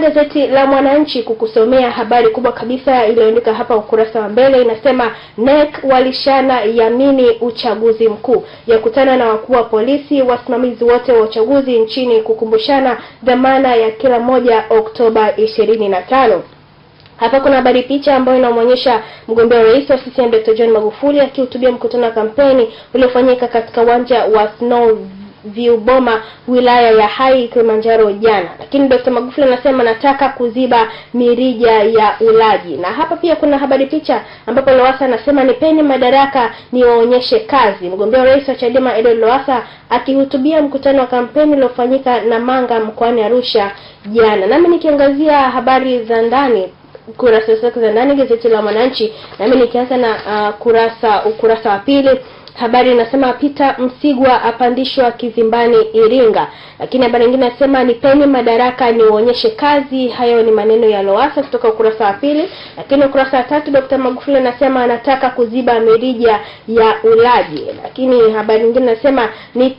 Gazeti la Mwananchi kukusomea habari kubwa kabisa iliyoandika hapa ukurasa wa mbele inasema, NEC walishana yamini uchaguzi mkuu, yakutana na wakuu wa polisi, wasimamizi wote wa uchaguzi nchini kukumbushana dhamana ya kila moja Oktoba 25 Hapa kuna habari picha ambayo inamwonyesha mgombea rais wa CCM Dr. John Magufuli akihutubia mkutano wa kampeni uliofanyika katika uwanja wa Snow Viuboma wilaya ya Hai Kilimanjaro jana, lakini Dr. Magufuli anasema nataka kuziba mirija ya ulaji. Na hapa pia kuna habari picha ambapo Lowassa anasema nipeni madaraka niwaonyeshe kazi. Mgombea rais wa Chadema Edward Lowassa akihutubia mkutano wa kampeni uliofanyika na Manga mkoani Arusha jana. Nami nikiangazia habari za ndani kurasa zake za ndani gazeti la Mwananchi, nami nikianza na uh, kurasa ukurasa wa pili Habari inasema Peter Msigwa apandishwa kizimbani Iringa, lakini habari nyingine inasema nipeni madaraka niwaonyeshe kazi. Hayo ni maneno ya Lowassa kutoka ukurasa wa pili, lakini ukurasa wa tatu Dr. Magufuli anasema anataka kuziba mirija ya ulaji, lakini habari nyingine inasema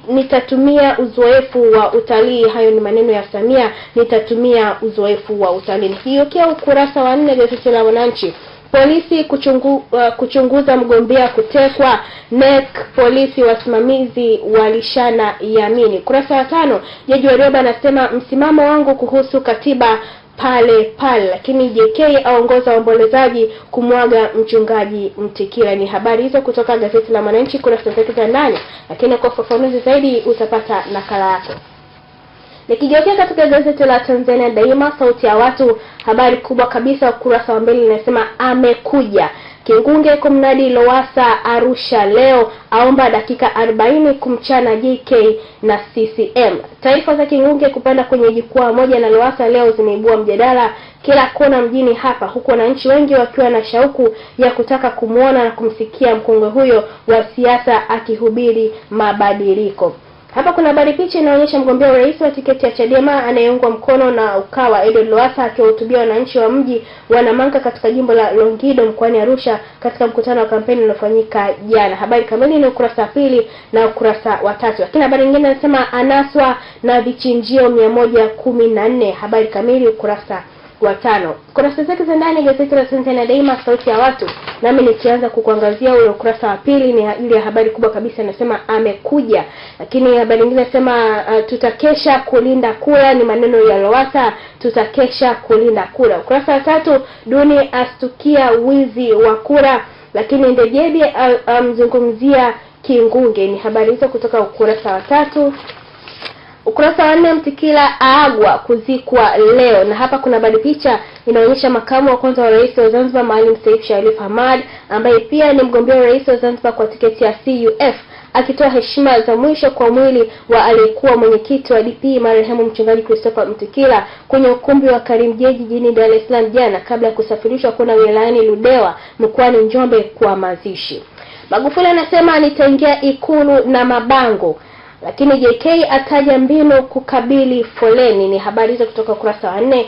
nitatumia uzoefu wa utalii. Hayo ni maneno ya Samia, nitatumia uzoefu wa utalii. Nikigeukia ukurasa wa nne gazeti la Mwananchi Polisi kuchungu, uh, kuchunguza mgombea kutekwa. NEC polisi wasimamizi walishana yamini. Kurasa ya tano. Jaji Warioba anasema msimamo wangu kuhusu katiba pale pale, lakini JK aongoza waombolezaji kumwaga mchungaji Mtikila. Ni habari hizo kutoka gazeti la Mwananchi kurasa zetu za ndani, lakini kwa ufafanuzi zaidi utapata nakala yako. Nikigeukia katika gazeti la Tanzania Daima, sauti ya watu, habari kubwa kabisa ukurasa wa mbele inasema amekuja Kingunge kumnadi mnadi Lowassa Arusha leo, aomba dakika 40 kumchana JK na CCM. Taarifa za Kingunge kupanda kwenye jukwaa moja na Lowassa leo zimeibua mjadala kila kona mjini hapa, huku wananchi wengi wakiwa na shauku ya kutaka kumwona na kumsikia mkongwe huyo wa siasa akihubiri mabadiliko. Hapa kuna habari picha inaonyesha mgombea urais wa tiketi ya Chadema anayeungwa mkono na Ukawa Edward Lowassa akiwahutubia wananchi wa mji wa Namanga katika jimbo la Longido mkoani Arusha katika mkutano wa kampeni uliofanyika jana. Habari kamili ni ukurasa wa pili na ukurasa wa tatu, lakini habari nyingine anasema anaswa na vichinjio mia moja kumi na nne. Habari kamili ukurasa wa tano. Kurasa zake za ndani gazeti la Tanzania Daima sauti ya watu, nami nikianza kukuangazia ule ukurasa wa pili, ni ile habari kubwa kabisa inasema amekuja, lakini habari nyingine inasema uh, tutakesha kulinda kura, ni maneno ya Lowassa, tutakesha kulinda kura. Ukurasa wa tatu, Duni astukia wizi wa kura, lakini Ndejebe uh, amzungumzia um, Kingunge. Ni habari hizo kutoka ukurasa wa tatu. Ukurasa wa nne, Mtikila aagwa kuzikwa leo, na hapa kuna bado picha inaonyesha makamu wa kwanza wa rais wa Zanzibar Maalim Seif Sharif Hamad ambaye pia ni mgombea wa rais wa Zanzibar kwa tiketi ya CUF akitoa heshima za mwisho kwa mwili wa aliyekuwa mwenyekiti wa DP marehemu mchungaji Christopher Mtikila kwenye ukumbi wa Karimjee jijini Dar es Salaam jana kabla ya kusafirishwa kwenda wilayani Ludewa mkoani Njombe kwa mazishi. Magufuli anasema nitaingia Ikulu na mabango. Lakini JK ataja mbinu kukabili foleni, ni habari hizo kutoka ukurasa wa nne.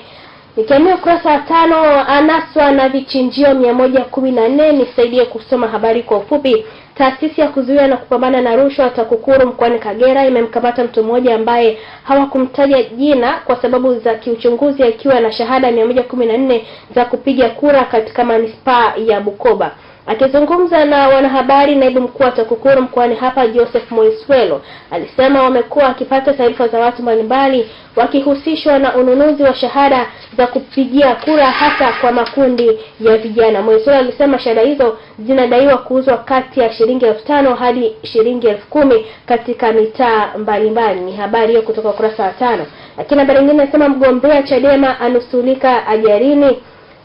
Nikiamia ukurasa wa tano, anaswa na vichinjio mia moja kumi na nne. Nisaidie kusoma habari kwa ufupi. Taasisi ya kuzuia na kupambana na rushwa TAKUKURU mkoani Kagera imemkamata mtu mmoja ambaye hawakumtaja jina kwa sababu za kiuchunguzi, akiwa na shahada mia moja kumi na nne za kupiga kura katika manispaa ya Bukoba. Akizungumza na wanahabari, naibu mkuu wa TAKUKURU mkoani hapa Joseph Moiswelo alisema wamekuwa wakipata taarifa za watu mbalimbali wakihusishwa na ununuzi wa shahada za kupigia kura hasa kwa makundi ya vijana. Moiswelo alisema shahada hizo zinadaiwa kuuzwa kati ya shilingi elfu tano hadi shilingi elfu kumi katika mitaa mbalimbali. Ni habari hiyo kutoka ukurasa wa tano. Lakini habari nyingine inasema mgombea Chadema anusulika ajarini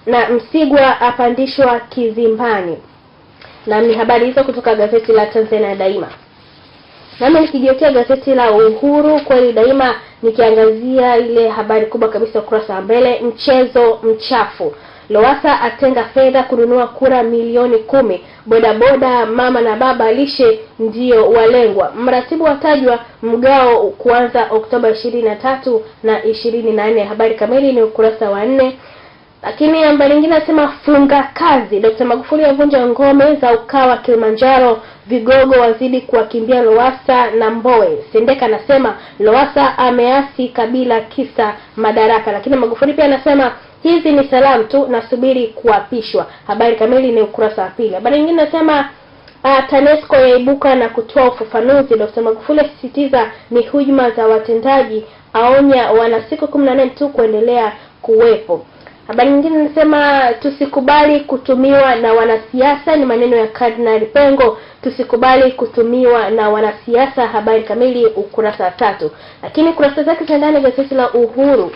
na Msigwa apandishwa kizimbani na ni habari hizo kutoka gazeti la Tanzania Daima. Nami nikijiotea gazeti la Uhuru kweli daima, nikiangazia ile habari kubwa kabisa ukurasa wa mbele, mchezo mchafu Lowasa atenga fedha kununua kura milioni kumi. Bodaboda, mama na baba lishe ndio walengwa. Mratibu watajwa mgao kuanza Oktoba ishirini na tatu na ishirini na nne. Habari kamili ni ukurasa wa nne. Lakini habari nyingine nasema funga kazi. Dkt. Magufuli avunja ngome za Ukawa Kilimanjaro, vigogo wazidi kuwakimbia lowasa na mboe Sendeka anasema loasa ameasi Kabila kisa madaraka, lakini Magufuli pia anasema hizi ni salamu tu, nasubiri kuapishwa. Habari kamili ni ukurasa wa pili. Habari nyingine nasema Uh, TANESCO yaibuka na kutoa ufafanuzi. Dkt. Magufuli asisitiza ni hujuma za watendaji, aonya wana siku kumi na tu kuendelea kuwepo. Habari nyingine inasema tusikubali kutumiwa na wanasiasa. Ni maneno ya Cardinal Pengo, tusikubali kutumiwa na wanasiasa. Habari kamili ukurasa wa tatu, lakini kurasa zake za ndani gazeti la Uhuru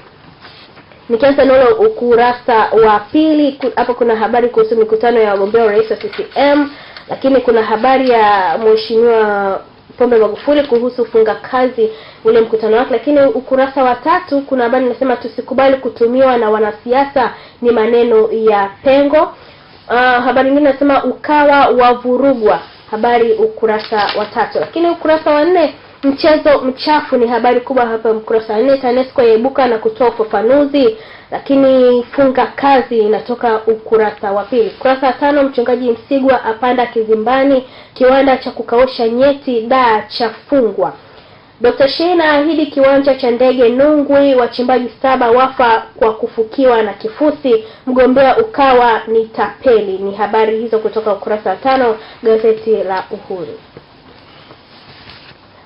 nikianza nalo ukurasa wa pili, hapo kuna habari kuhusu mikutano ya wagombea rais wa CCM, lakini kuna habari ya mheshimiwa Pombe Magufuli kuhusu funga kazi ule mkutano wake, lakini ukurasa wa tatu kuna habari inasema tusikubali kutumiwa na wanasiasa, ni maneno ya Pengo. Uh, habari nyingine inasema ukawa wavurugwa, habari ukurasa wa tatu, lakini ukurasa wa nne Mchezo mchafu ni habari kubwa hapa mkurasa nne. TANESCO yaibuka na kutoa ufafanuzi, lakini funga kazi inatoka ukurasa wa pili. Ukurasa wa tano, mchungaji Msigwa apanda kizimbani, kiwanda cha kukausha nyeti daa chafungwa. Dr. Shein ahidi kiwanja cha ndege Nungwi, wachimbaji saba wafa kwa kufukiwa na kifusi, mgombea Ukawa ni tapeli. Ni habari hizo kutoka ukurasa wa tano gazeti la Uhuru.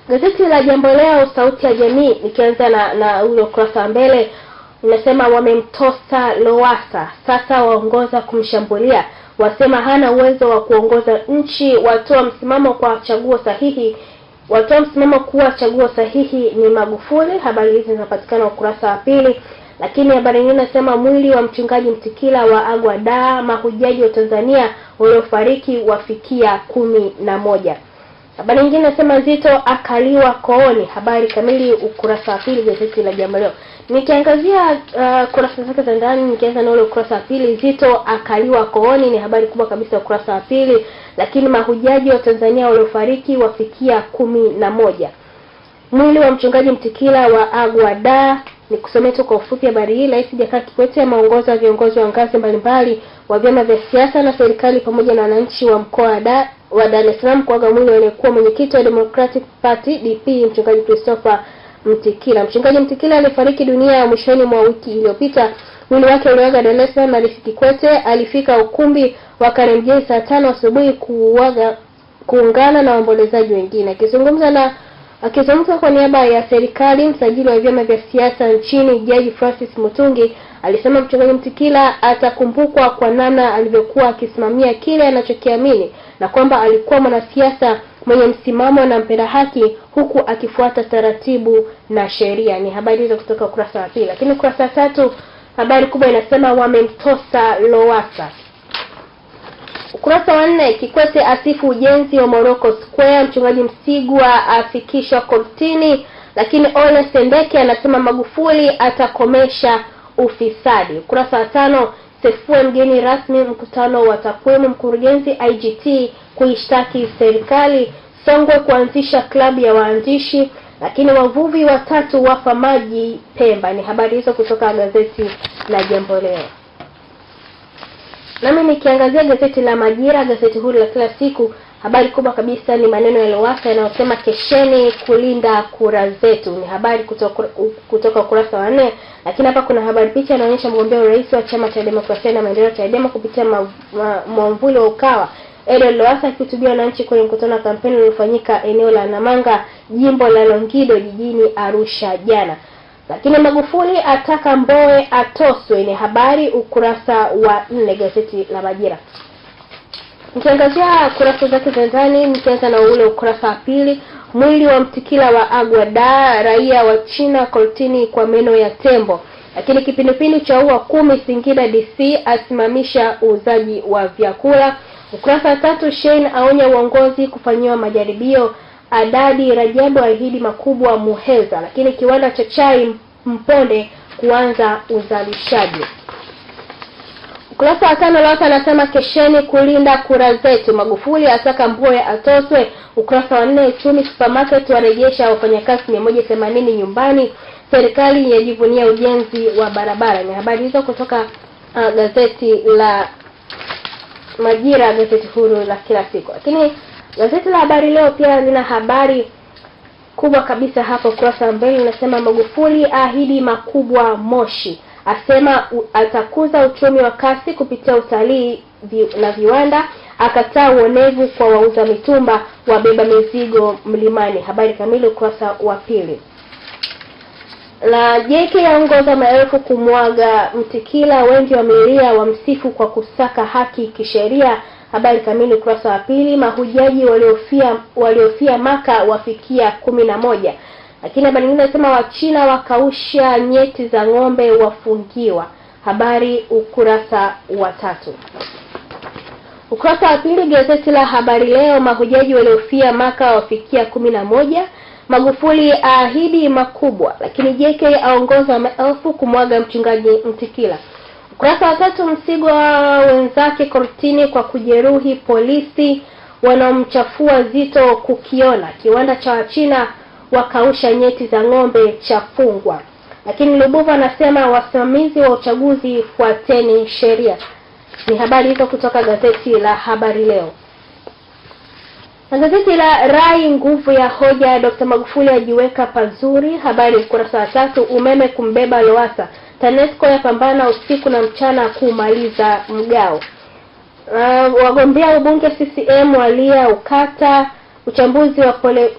Gazeti la Jambo Leo, sauti ya jamii, nikianza na na ule ukurasa wa mbele unasema wamemtosa Lowassa, sasa waongoza kumshambulia, wasema hana uwezo wa kuongoza nchi, watoa msimamo kwa chaguo sahihi, watoa msimamo kuwa chaguo sahihi ni Magufuli. Habari hizi zinapatikana ukurasa wa pili, lakini habari nyingine inasema mwili wa mchungaji Mtikila wa agwa mahujaji wa Tanzania waliofariki wafikia kumi na moja. Habari nyingine nasema Zito akaliwa kooni. Habari kamili ukurasa wa pili gazeti la Jambo Leo. Nikiangazia uh, kurasa zake za ndani, nikianza na ule ukurasa wa pili, Zito akaliwa kooni ni habari kubwa kabisa ukurasa wa pili, lakini mahujaji wa Tanzania waliofariki wafikia kumi na moja. Mwili wa mchungaji Mtikila wa Agwada ni kusomea tu kwa ufupi habari hii. Rais Jakaya Kikwete ameongoza viongozi wa ngazi mbalimbali wa vyama vya siasa na serikali pamoja na wananchi wa mkoa wa Dar wa Dar es Salaam kuaga mwili aliyekuwa mwenyekiti wa Democratic Party DP mchungaji Christopher Mtikila. Mchungaji Mtikila alifariki dunia mwishoni mwa wiki iliyopita. Mwili wake uliaga Dar es Salaam. Alif Kikwete alifika ukumbi wa Karimjee saa tano asubuhi kuuaga kuungana na waombolezaji wengine. Akizungumza na Akizungumza kwa niaba ya serikali, msajili wa vyama vya siasa nchini Jaji Francis Mutungi alisema mchungaji Mtikila atakumbukwa kwa namna alivyokuwa akisimamia kile anachokiamini na kwamba alikuwa mwanasiasa mwenye msimamo na mpenda haki huku akifuata taratibu na sheria. Ni habari hizo kutoka ukurasa wa pili, lakini ukurasa wa tatu habari kubwa inasema wamemtosa Lowassa. Ukurasa wa nne, Kikwete asifu ujenzi wa Morocco Square, mchungaji Msigwa afikishwa kortini, lakini Ole Sendeke anasema Magufuli atakomesha ufisadi. Ukurasa wa tano, Sefue mgeni rasmi mkutano wa takwimu, mkurugenzi IGT kuishtaki serikali, Songwe kuanzisha klabu ya waandishi, lakini wavuvi watatu wafa maji Pemba. Ni habari hizo kutoka gazeti la Jambo Leo. Nami nikiangazia gazeti la Majira, gazeti huru la kila siku, habari kubwa kabisa ni maneno ya lowasa yanayosema kesheni kulinda kura zetu. Ni habari kutoka, kutoka ukurasa wa nne, lakini hapa kuna habari, picha inaonyesha mgombea urais wa chama cha demokrasia na maendeleo cha Chadema kupitia mwamvuli wa Ukawa edo lowasa akihutubia wananchi kwenye mkutano wa kampeni uliofanyika eneo la Namanga, jimbo la Longido, jijini Arusha jana. Lakini Magufuli ataka mboe atoswe, ni habari ukurasa wa nne gazeti la Majira. nikiangazia kurasa zake za ndani, mkianza na ule ukurasa wa pili, mwili wa mtikila wa agwada raia wa China kortini kwa meno ya tembo. Lakini kipindupindu cha ua kumi Singida DC asimamisha uuzaji wa vyakula. Ukurasa wa tatu, Shein aonya uongozi kufanyiwa majaribio. Adadi Rajabu ahidi makubwa Muheza, lakini kiwanda cha chai Mponde kuanza uzalishaji. Ukurasa wa tano Lowassa anasema kesheni kulinda kura zetu. Magufuli asaka Mbowe atoswe. Ukurasa wa nne Uchumi Supermarket warejesha wafanyakazi mia moja themanini nyumbani. Serikali yajivunia ujenzi wa barabara. Ni habari hizo kutoka uh, gazeti la Majira, gazeti huru la kila siku, lakini Gazeti la Habari Leo pia lina habari kubwa kabisa hapo ukurasa wa mbele, linasema Magufuli ahidi makubwa Moshi, asema atakuza uchumi wa kasi kupitia utalii na viwanda, akataa uonevu kwa wauza mitumba, wabeba mizigo mlimani. Habari kamili ukurasa wa pili. La JK yaongoza maelfu kumwaga Mtikila, wengi wamelia wamsifu kwa kusaka haki kisheria Habari kamili ukurasa wa pili. Mahujaji waliofia waliofia Maka wafikia kumi na moja. Lakini habari nyingine inasema Wachina wakausha nyeti za ng'ombe wafungiwa. Habari ukurasa wa tatu. Ukurasa wa pili gazeti la Habari Leo, mahujaji waliofia Maka wafikia kumi na moja. Magufuli aahidi makubwa, lakini JK aongoza maelfu kumwaga mchungaji Mtikila. Ukurasa wa tatu, Msigwa wenzake kortini kwa kujeruhi polisi wanaomchafua Zito kukiona. Kiwanda cha Wachina wakausha nyeti za ng'ombe chafungwa. Lakini Lubuva anasema wasimamizi wa uchaguzi fuateni sheria. Ni habari hizo kutoka gazeti la Habari Leo na gazeti la Rai, nguvu ya hoja, Dr. Magufuli ajiweka pazuri. Habari ukurasa wa tatu. Umeme kumbeba Lowassa, TANESCO yapambana usiku na mchana kuumaliza mgao. Uh, wagombea ubunge CCM walia ukata. Uchambuzi wa pole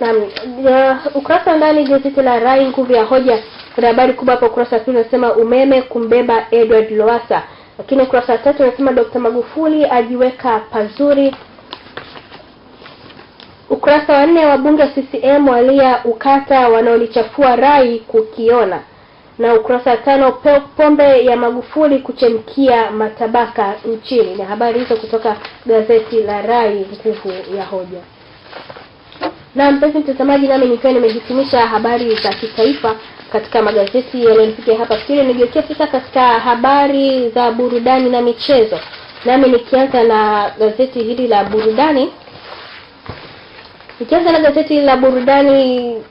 na uh, ukurasa ndani gazeti la Rai nguvu ya hoja, kuna habari kubwa hapo. Ukurasa wa pili unasema umeme kumbeba Edward Lowassa, lakini ukurasa wa tatu unasema Dr. Magufuli ajiweka pazuri Ukurasa wa nne wa bunge CCM walia ukata wanaolichafua rai kukiona, na ukurasa wa tano pombe ya Magufuli kuchemkia matabaka nchini. Ni habari hizo kutoka gazeti la Rai, nguvu ya hoja. Na mpenzi mtazamaji, nami nikiwa nimehitimisha habari za kitaifa katika magazeti yaliyonifikia hapa fikiri, nigeukia sasa katika habari za burudani na michezo, nami nikianza na gazeti hili la burudani Nikianza na gazeti la burudani,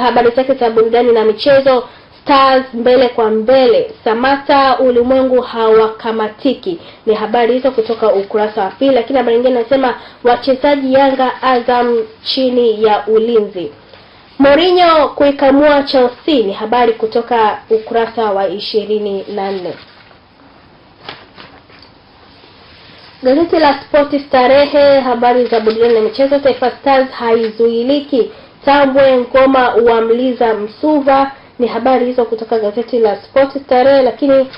habari zake za burudani na michezo Stars mbele kwa mbele, Samata ulimwengu hawakamatiki, ni habari hizo kutoka ukurasa wa pili. Lakini habari nyingine inasema wachezaji Yanga Azam chini ya ulinzi, Mourinho kuikamua Chelsea, ni habari kutoka ukurasa wa ishirini na nne. Gazeti la Sporti starehe, habari za burudani na michezo, Taifa Stars haizuiliki. Tambwe ngoma wamliza Msuva, ni habari hizo kutoka gazeti la Sporti starehe. Lakini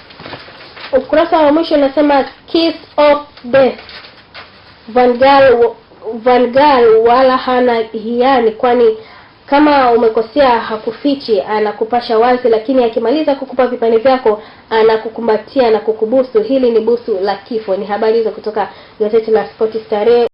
ukurasa wa mwisho unasema kiss of death Van Gaal, Van Gaal wala hana hiani kwani kama umekosea hakufichi, anakupasha wazi, lakini akimaliza kukupa vipande vyako anakukumbatia na kukubusu. Hili ni busu la kifo. Ni habari hizo kutoka gazeti la Spoti Starehe.